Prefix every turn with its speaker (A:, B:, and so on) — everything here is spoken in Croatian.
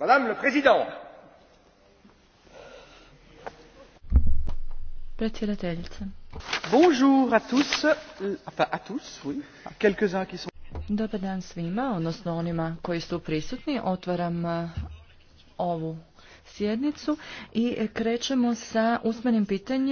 A: Madame le Président.
B: Bonjour à tous, enfin à tous,
C: Dobar dan svima, odnosno onima koji su prisutni. Otvaram eh, ovu sjednicu i krećemo
D: sa usmenim pitanjem.